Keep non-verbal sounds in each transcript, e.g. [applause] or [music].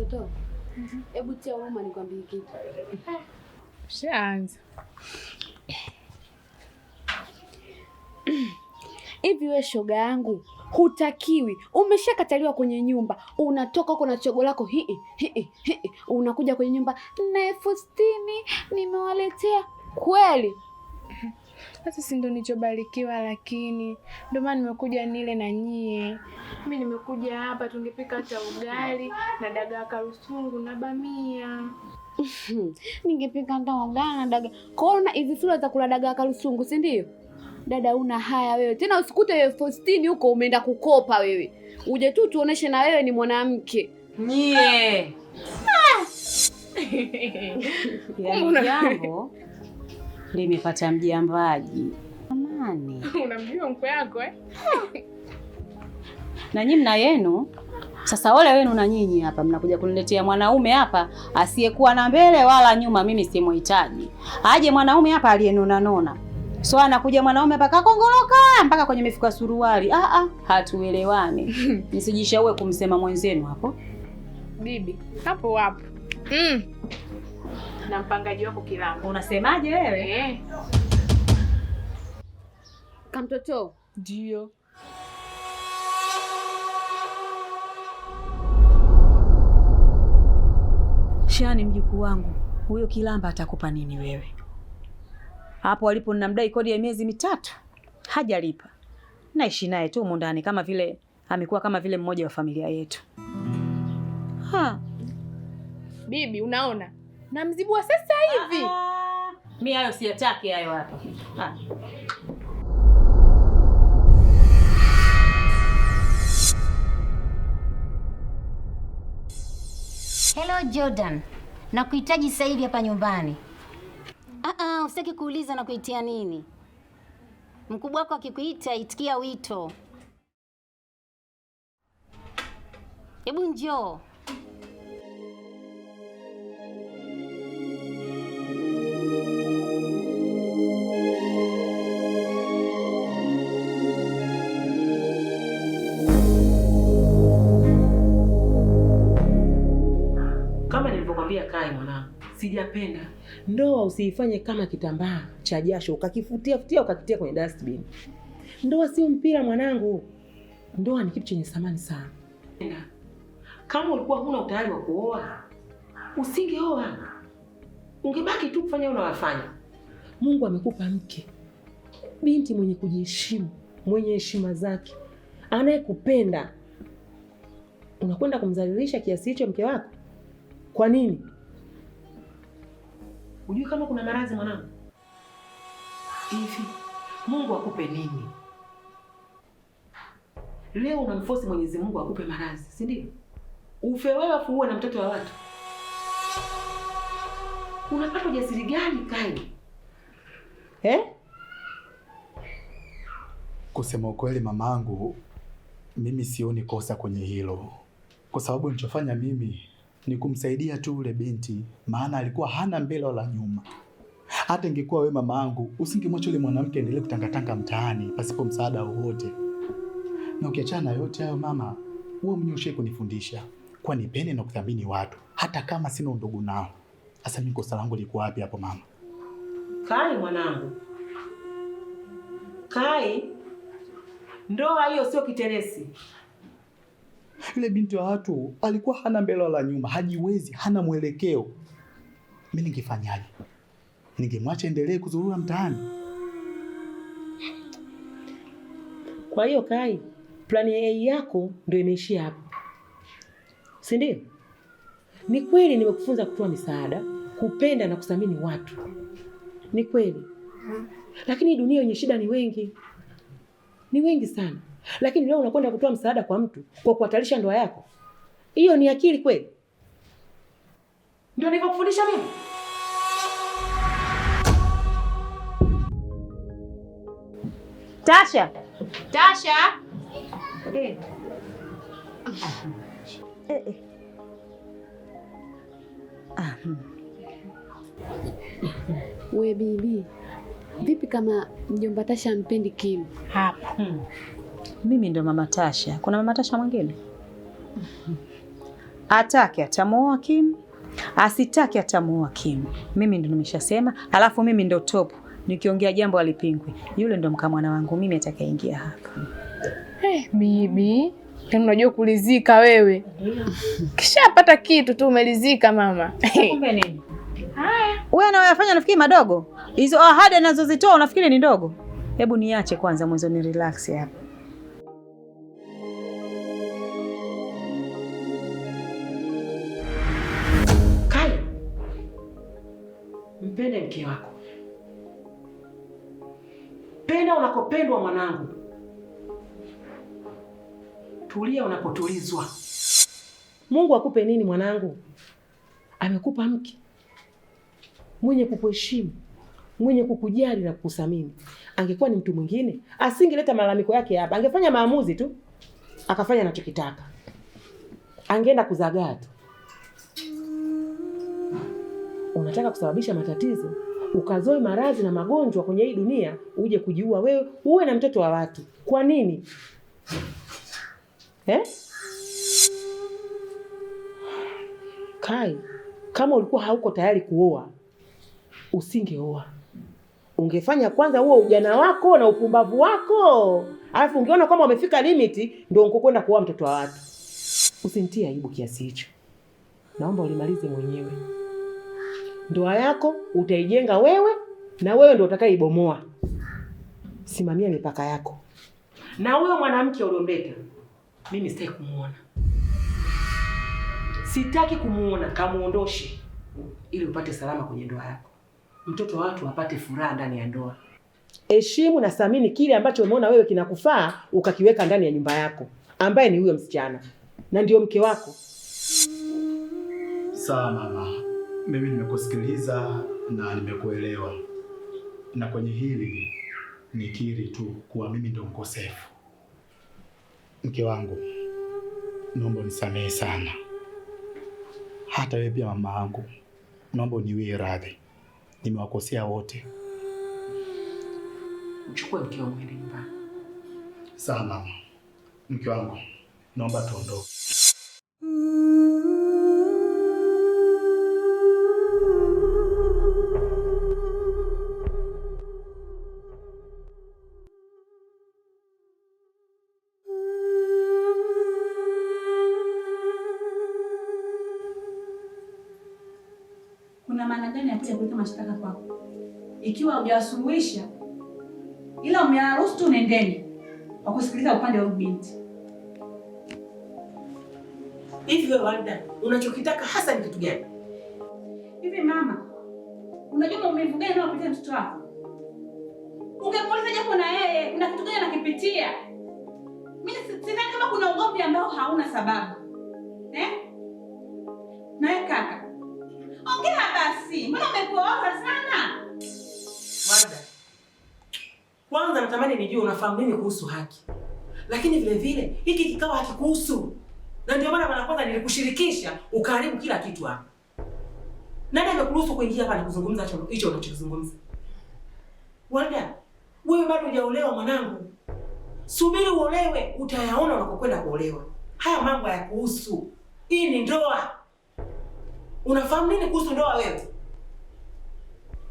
Mtoto, hebu tia uma nikwambie kitu. Shaanza. Hivi we shoga yangu, hutakiwi. Umeshakataliwa kwenye nyumba, unatoka huko na chogo lako hii hii hii, unakuja kwenye nyumba na elfu sitini nimewaletea kweli? Sasa si ndo nichobarikiwa, lakini ndio maana nimekuja nile na nyie. Mimi nimekuja hapa, tungepika hata ugali na dagaa karusungu na bamia [laughs] ningepika hata ugali na dagaa kona hivi, sura za kula dagaa karusungu, si ndio? Dada una haya wewe tena, usikute wewe Faustini huko umeenda kukopa wewe, uje tu tuoneshe na wewe ni mwanamke nyie. Ah! [laughs] jambo limepata mjambaji. Amani, [laughs] unamjua mkwe yako eh? [laughs] na nyinyi mna yenu sasa, ole wenu na nyinyi hapa mnakuja kuniletea mwanaume hapa asiyekuwa na mbele wala nyuma. Mimi simhitaji, aje mwanaume hapa aliyenona nona. So anakuja mwanaume hapa kakongoloka mpaka kwenye mifuko ya suruali. Ah ah, hatuelewani. Msijishaue [laughs] kumsema mwenzenu hapo bibi hapo hapo. Mm na mpangaji wako Kilamba. Unasemaje wewe? Eh. Kamtoto. Ndio. Shani, mjukuu wangu huyo Kilamba atakupa nini wewe? Hapo walipo ninamdai kodi ya miezi mitatu hajalipa, naishi naye tu humu ndani, kama vile amekuwa kama vile mmoja wa familia yetu. Ha. Bibi, unaona namzibua sasa hivi. Mimi ah, ah. hayo siyataki hayo hapa. Ah. Hello Jordan, nakuhitaji sasa hivi hapa nyumbani. Ah ah, usitaki kuuliza na kuitia nini? Mkubwa wako akikuita itikia wito. Hebu njoo. sijapenda. Ndoa usiifanye kama kitambaa cha jasho ukakifutia futia ukakitia kwenye dustbin. Ndoa sio mpira mwanangu, ndoa ni kitu chenye thamani sana. Kama ulikuwa huna utayari wa kuoa usingeoa, ungebaki tu kufanya unawafanya. Mungu amekupa mke, binti mwenye kujiheshimu, mwenye heshima zake, anayekupenda. Unakwenda kumdhalilisha kiasi hicho mke wako? Kwa nini? Ujui kama kuna maradhi mwanangu? Hivi Mungu akupe nini? Leo unamfosi Mwenyezi Mungu akupe maradhi, si ndio? Ufe wewe afu uwe na mtoto wa watu, unapata ujasiri gani kai eh? Kusema ukweli mamangu, mimi sioni kosa kwenye hilo, kwa sababu nilichofanya mimi ni kumsaidia tu ule binti, maana alikuwa hana mbele wala nyuma. Hata ingekuwa wewe mama yangu, usingemwacha ule mwanamke endelee kutangatanga mtaani pasipo msaada wowote. Na ukiachana na yote hayo mama, wewe mwenyewe kunifundisha kuwa nipende na kuthamini watu hata kama sina undugu nao. Sasa mimi kosa langu liko wapi hapo mama? Kai mwanangu, Kai, ndoa hiyo sio kiteresi [laughs] Yule binti wa watu alikuwa hana mbele wala nyuma, hajiwezi, hana mwelekeo. Mimi ningefanyaje? Ningemwacha endelee kuzurura mtaani? Kwa hiyo Kai, plani A yako ndio imeishia hapo, si ndio? Ni kweli nimekufunza kutoa misaada, kupenda na kuthamini watu, ni kweli, lakini dunia yenye shida ni wengi, ni wengi sana. Lakini leo unakwenda kutoa msaada kwa mtu kwa kuhatarisha ndoa yako, hiyo ni akili kweli? Ndio nilivyokufundisha mimi? Tasha, Tasha, eh. Eh, eh. Ah. We bibi, vipi kama mjomba Tasha mpendi Kim? Hapa. Hmm. Mimi ndo mama Tasha. Kuna mama Tasha mwingine? [laughs] Atake atamuoa Kim, asitake atamuoa Kim. Mimi ndo nimeshasema, alafu mimi ndo top. Nikiongea jambo alipingwi. Yule ndo mkamwana wangu mimi atakayeingia hapa. Hey, eh, bibi, yaani unajua kulizika wewe. [laughs] Kishapata kitu tu umelizika mama. Kumbe [laughs] nini? Haya. Wewe unayofanya nafikiri madogo. Hizo ahadi anazozitoa unafikiri ni ndogo? Hebu niache kwanza mwanzo ni relax hapa. mpende mke wako, penda unakopendwa mwanangu, tulia unapotulizwa. Mungu akupe nini mwanangu? Amekupa mke mwenye kukuheshimu, mwenye kukujali na kukusamini. Angekuwa ni mtu mwingine, asingeleta malalamiko yake hapa, angefanya maamuzi tu akafanya anachokitaka, angeenda kuzagaa tu. Unataka kusababisha matatizo, ukazoe maradhi na magonjwa kwenye hii dunia, uje kujiua wewe, uwe na mtoto wa watu. Kwa nini eh? Kai, kama ulikuwa hauko tayari kuoa usingeoa. Ungefanya kwanza huo ujana wako na upumbavu wako, alafu ungeona kwamba umefika limiti, ndio unkokwenda kuoa mtoto wa watu. Usinitie aibu kiasi hicho, naomba ulimalize mwenyewe. Ndoa yako utaijenga wewe na wewe ndio utakayeibomoa. Simamia mipaka yako. Na huyo mwanamke uliomleta mimi sitaki kumuona, sitaki kumuona. Kamuondoshe ili upate salama kwenye ndoa yako, mtoto wa watu apate furaha ndani ya ndoa. Heshimu na thamini kile ambacho umeona wewe kinakufaa ukakiweka ndani ya nyumba yako, ambaye ni huyo msichana na ndio mke wako. Sawa mama. Mimi nimekusikiliza na nimekuelewa, na kwenye hili nikiri tu kuwa mimi ndo mkosefu. Mke wangu, naomba unisamehe sana, hata wewe pia mama wangu, naomba uniwie radhi, nimewakosea wote. Chukua mke wangu, sawa mama. Mke wangu, naomba tuondoke. ya kuleta mashtaka kwako. Ikiwa hujawasuluhisha ila mmewaruhusu tu, nendeni kwa kusikiliza upande wa binti. Hivi wewe Wanda, unachokitaka hasa ni kitu gani? Hivi mama, unajua maumivu gani unayopitia mtoto wako? Ungemuuliza japo na yeye kuna kitu gani anakipitia. Mimi sidhani kama kuna ugomvi ambao hauna sababu Mbona umekuwa sana? Kwanza. Kwanza natamani nijue unafahamu nini kuhusu haki. Lakini vile vile hiki kikao hakikuhusu. Na ndio maana mara kwanza nilikushirikisha ukaribu kila kitu hapa. Nani amekuruhusu kuingia hapa na kuzungumza hicho unachozungumza? Wanda, wewe bado hujaolewa mwanangu. Subiri uolewe, utayaona unapokwenda kuolewa. Haya mambo hayakuhusu. Hii ni ndoa. Unafahamu nini kuhusu ndoa wewe?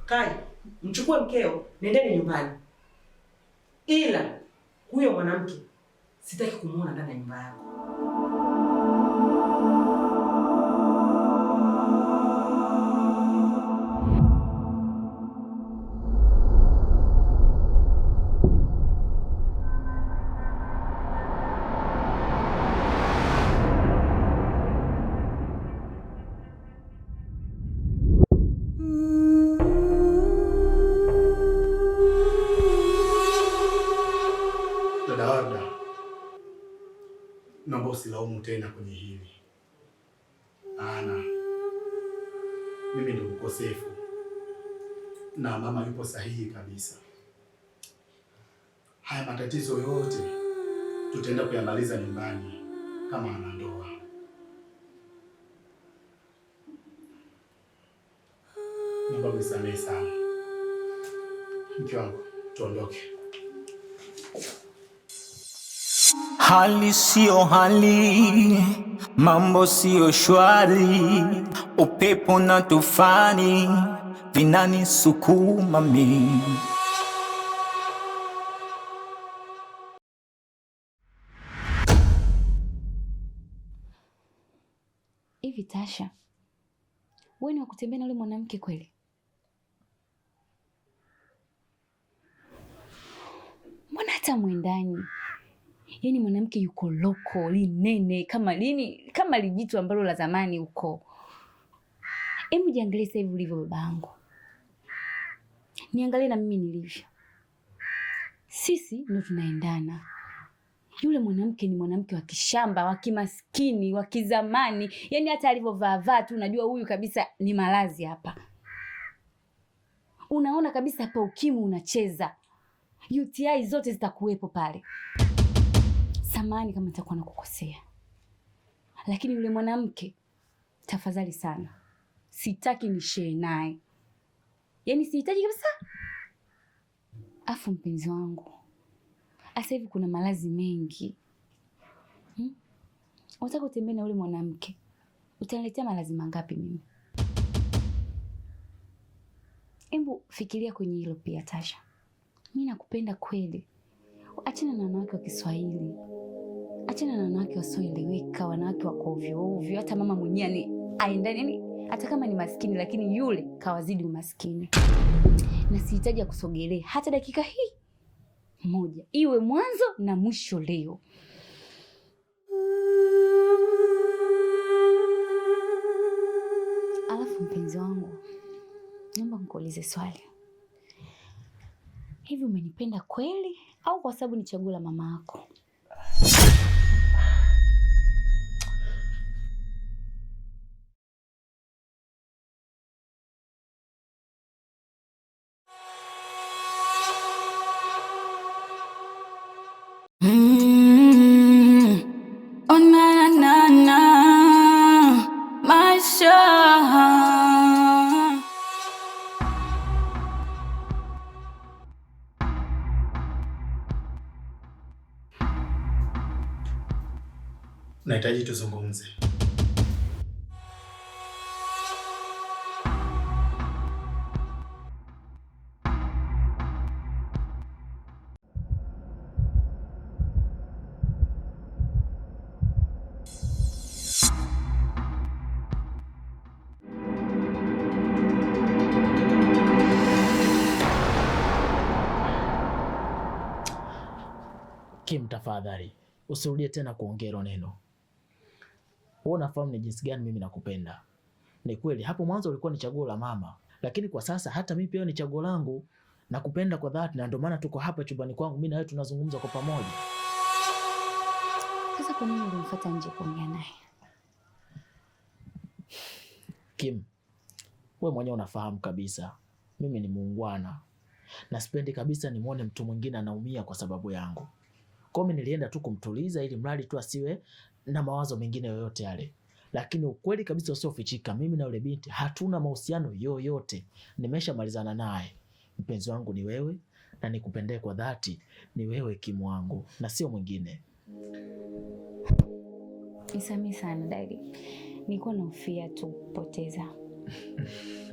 Kai, mchukue mkeo, nendeni nyumbani, ila huyo mwanamke sitaki kumuona ndani ya nyumba yako. mimi ni mkosefu na mama yupo sahihi kabisa. Haya matatizo yote tutaenda kuyamaliza nyumbani kama anandoa. Naomba msamehe sana mke wangu, tuondoke. Hali siyo hali, mambo siyo shwari, upepo na tufani sukuma mi Hivi Tasha, wewe ni wa kutembea na yule mwanamke kweli? Mbona hata mwendani yani mwanamke yuko loko linene kama lini kama lijitu ambalo la zamani huko. Hebu jiangalie sasa hivi ulivyo babangu, niangalie na mimi nilivyo. Sisi ndio tunaendana. Yule mwanamke ni mwanamke wa kishamba, wa kimaskini, wa kizamani, yani hata alivyovaavaa tu unajua huyu kabisa ni malazi hapa. Unaona kabisa hapa ukimu unacheza, UTI zote zitakuwepo pale samani kama nitakuwa nakukosea, lakini yule mwanamke tafadhali sana, sitaki nishee naye, yaani sihitaji kabisa. Afu mpenzi wangu, asa hivi kuna malazi mengi hmm? Unataka utembee na yule mwanamke, utaniletea malazi mangapi mimi? Hebu fikiria kwenye hilo pia Tasha. Mimi nakupenda kweli, achana na wanawake wa Kiswahili achana na wanawake wasioeleweka, wanawake wako ovyo ovyo. Hata mama mwenyewe ni aendani, yani hata kama ni maskini, lakini yule kawazidi umaskini, na sihitaji ya kusogelea hata dakika hii moja, iwe mwanzo na mwisho leo. Alafu mpenzi wangu, naomba nikuulize swali, hivi umenipenda kweli au kwa sababu ni chaguo la mama yako? tunahitaji tuzungumze. Kim, tafadhali usirudie tena kuongea neno wewe unafahamu ni jinsi gani mimi nakupenda. Ni kweli hapo mwanzo ulikuwa ni chaguo la mama, lakini kwa sasa hata mimi pia ni chaguo langu. Nakupenda kwa dhati, na ndio maana tuko hapa chumbani kwangu, mimi na wewe tunazungumza kwa pamoja. Sasa kwa nini ulimfuata nje kuongea naye? Kim, wewe mwenyewe unafahamu kabisa mimi ni muungwana na sipendi kabisa nimwone mtu mwingine anaumia kwa sababu yangu. Kwa mimi nilienda tu kumtuliza ili mradi tu asiwe na mawazo mengine yoyote yale, lakini ukweli kabisa usiofichika, mimi na yule binti hatuna mahusiano yoyote, nimeshamalizana naye. Mpenzi wangu ni wewe, na nikupendee kwa dhati ni wewe Kimu wangu na sio mwingine. Nisamehe sana dadi, na nahofia tu kupoteza.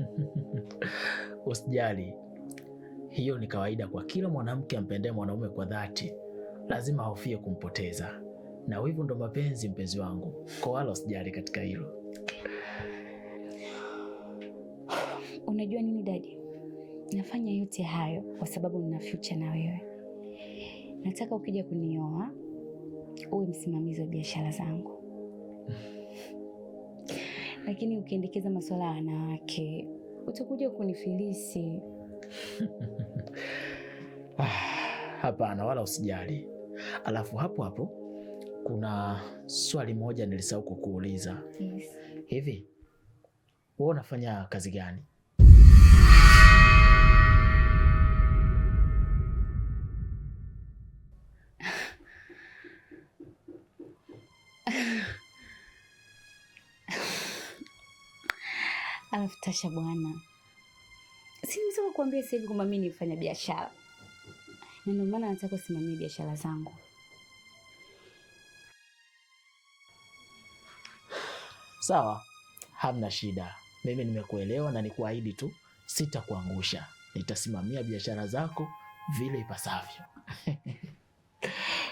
[laughs] Usijali, hiyo ni kawaida kwa kila mwanamke ampendee mwanaume kwa dhati, lazima ahofie kumpoteza na wivu ndo mapenzi, mpenzi wangu, kwa wala usijali katika hilo. Unajua nini dadi, nafanya yote hayo kwa sababu nina future na wewe. Nataka ukija kunioa uwe msimamizi wa biashara zangu lakini ukiendekeza masuala ya wanawake utakuja kunifilisi. [laughs] Ah, hapana, wala usijali. Alafu hapo hapo kuna swali moja nilisahau kukuuliza. Yes. Hivi wewe unafanya kazi gani? [laughs] Alafu Tasha bwana, si nimesema kuambia sasa hivi kwamba mimi nifanya biashara, na ndio maana nataka kusimamia biashara zangu. Sawa, hamna shida, mimi nimekuelewa na nikuahidi tu sitakuangusha, nitasimamia biashara zako vile ipasavyo.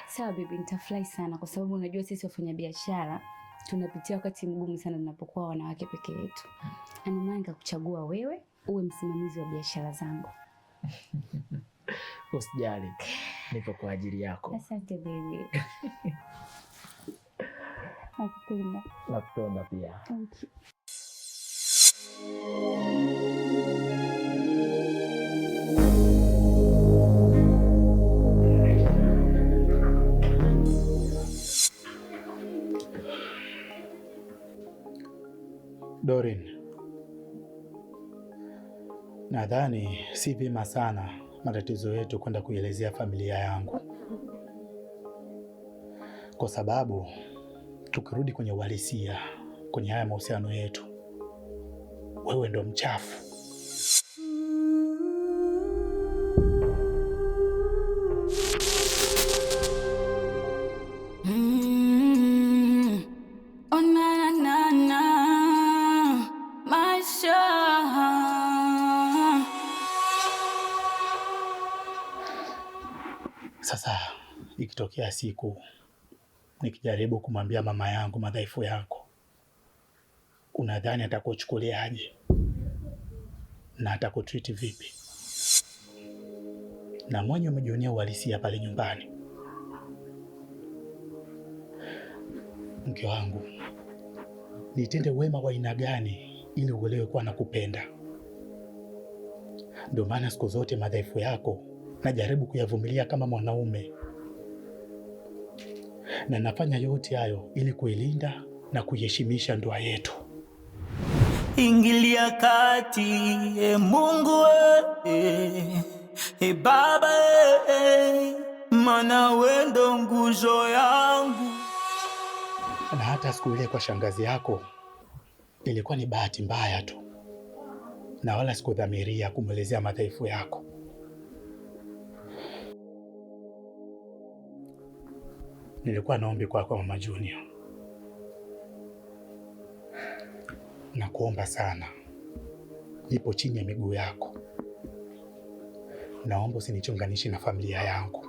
Sawa bibi, nitafurahi sana kwa sababu unajua sisi wafanyabiashara tunapitia wakati mgumu sana tunapokuwa wanawake peke yetu. maana nikakuchagua wewe uwe msimamizi wa biashara zangu. [laughs] Usijali, nipo kwa ajili yako. Asante bibi. [laughs] Nakupenda. Nakupenda pia. Thank you. Dorin, nadhani si vyema sana matatizo yetu kwenda kuielezea familia yangu kwa sababu tukirudi kwenye uhalisia, kwenye haya mahusiano yetu, wewe ndo mchafu. Mm-hmm. Oh, Sasa ikitokea siku nikijaribu kumwambia mama yangu madhaifu yako, unadhani atakuchukuliaje na atakutriti vipi? Na mwenye umejionea uhalisia pale nyumbani. Mke wangu, nitende wema wa aina gani ili uelewe kuwa nakupenda? Ndio maana siku zote madhaifu yako najaribu kuyavumilia kama mwanaume na nafanya yote hayo ili kuilinda na kuiheshimisha ndoa yetu. Ingilia kati, e Mungu, e, e Baba, e, maana wewe nguzo yangu. Na hata siku ile kwa shangazi yako ilikuwa ni bahati mbaya tu, na wala sikudhamiria kumwelezea madhaifu yako. nilikuwa naombi kwako kwa Mama Junior, nakuomba sana, nipo chini ya miguu yako, naomba usinichonganishi na familia yangu.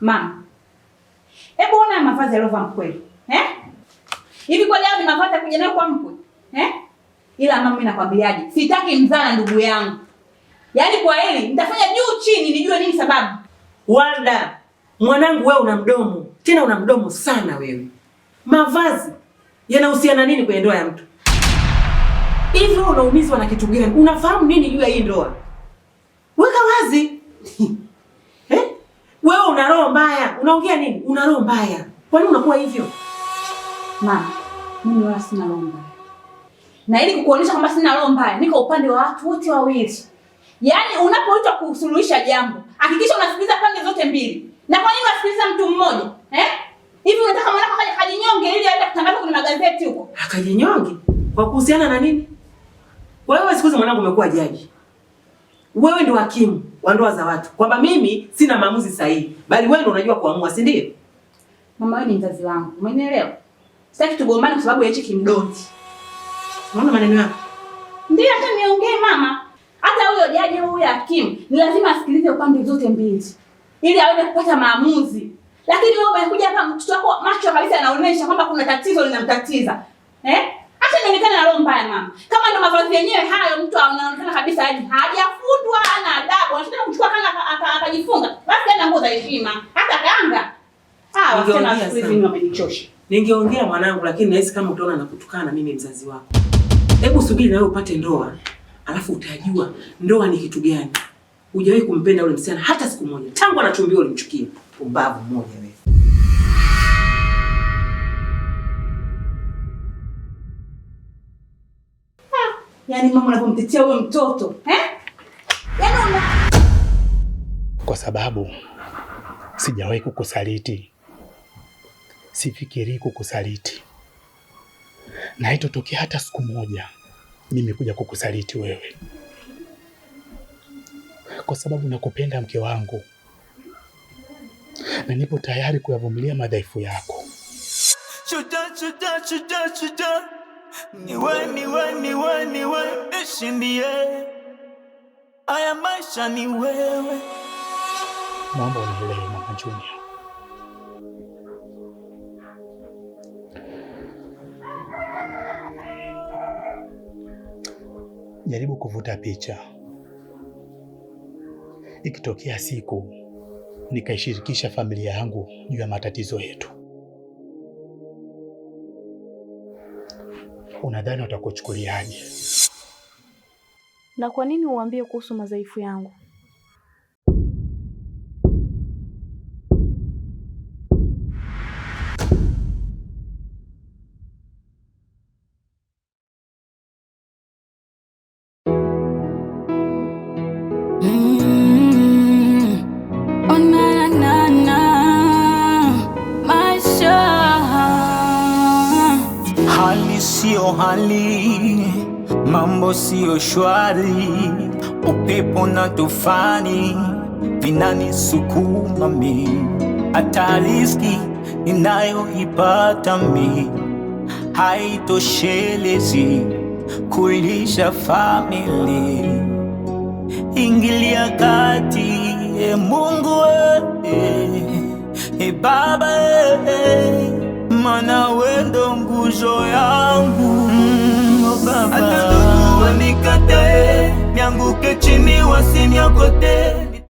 Mama, hebu ona mavazi aliovaa mkweli eh? hivi Kweli ni mavazi ya kuja nayo kwa mkwe eh? Ila mama, mimi nakwambiaje, sitaki mzana ndugu yangu. Yaani kwa hili nitafanya juu chini nijue nini sababu. Warda, mwanangu wewe una mdomo. Tena una mdomo sana wewe. Mavazi yanahusiana nini kwenye ndoa ya mtu? Hivyo unaumizwa na kitu gani? Unafahamu nini juu ya hii ndoa? Weka wazi. [laughs] Eh? Wewe una roho mbaya. Unaongea nini? Una roho mbaya. Kwani unakuwa hivyo? Mama, mimi wala sina roho mbaya na ili kukuonyesha kwamba sina roho mbaya, niko upande wa watu wote wawili. Yaani unapoitwa kusuluhisha jambo, hakikisha unasikiliza pande zote mbili. Na kwa nini unasikiliza mtu mmoja? Eh? Hivi unataka mwanako kaje kajinyonge ili aende kutangaza kwenye magazeti huko? Akajinyonge? Kwa kuhusiana na nini? Wewe siku hizi mwanangu umekuwa jaji. Wewe ndio hakimu wa ndoa za watu. Kwamba mimi sina maamuzi sahihi, bali wewe ndio unajua kuamua, si ndio? Mama wewe ni mzazi wangu. Umeelewa? Sitaki tugombane kwa sababu ya hichi kimdoti. Unaona maneno yako? Ndio hata niongee mama. Hata huyo jaji huyo hakimu ni lazima asikilize upande zote mbili ili aweze kupata maamuzi. Lakini wewe umekuja hapa mtoto wako macho kabisa anaonyesha kwamba kuna tatizo linamtatiza. Eh? Acha nionekane na roho mbaya mama. Kama ndio mavazi yenyewe hayo mtu anaonekana kabisa hadi yaani hajafundwa ana adabu. Anataka kuchukua kana akajifunga. Basi ana nguo za heshima. Hata kanga. Ah, wasema siku hizi wamenichosha. Ningeongea mwanangu lakini nahisi kama utaona nakutukana mimi mzazi wako. Hebu subiri nawe upate ndoa, alafu utajua ndoa ni kitu gani. Hujawahi kumpenda yule msichana hata siku moja, tangu anachumbiwa ulimchukia. Pumbavu mmoja wewe. Ah, yaani mama anapomtetea huyo mtoto eh? Yaani kwa sababu sijawahi kukusaliti, sifikiri kukusaliti na haitotokea hata siku moja mimi kuja kukusaliti wewe, kwa sababu nakupenda mke wangu, na nipo tayari kuyavumilia madhaifu yako. chuta chuta, chuta, chuta. Niwe, niwe, niwe, niwe, nishindie haya maisha, ni wewe. Naomba unielewe mama Junior. jaribu kuvuta picha, ikitokea siku nikaishirikisha familia yangu juu ya matatizo yetu, unadhani watakuchukuliaje? Na kwa nini uambie kuhusu madhaifu yangu? Hali siyo hali, mambo siyo shwari, upepo na tufani vinanisukuma mi, hata riziki ninayoipata mi haitoshelezi kulisha famili. Ingilia kati, e Mungu, e Baba, e maana wewe ndo nguzo yangu mm, oh Baba, hata ndugu wanikatae, nianguke chini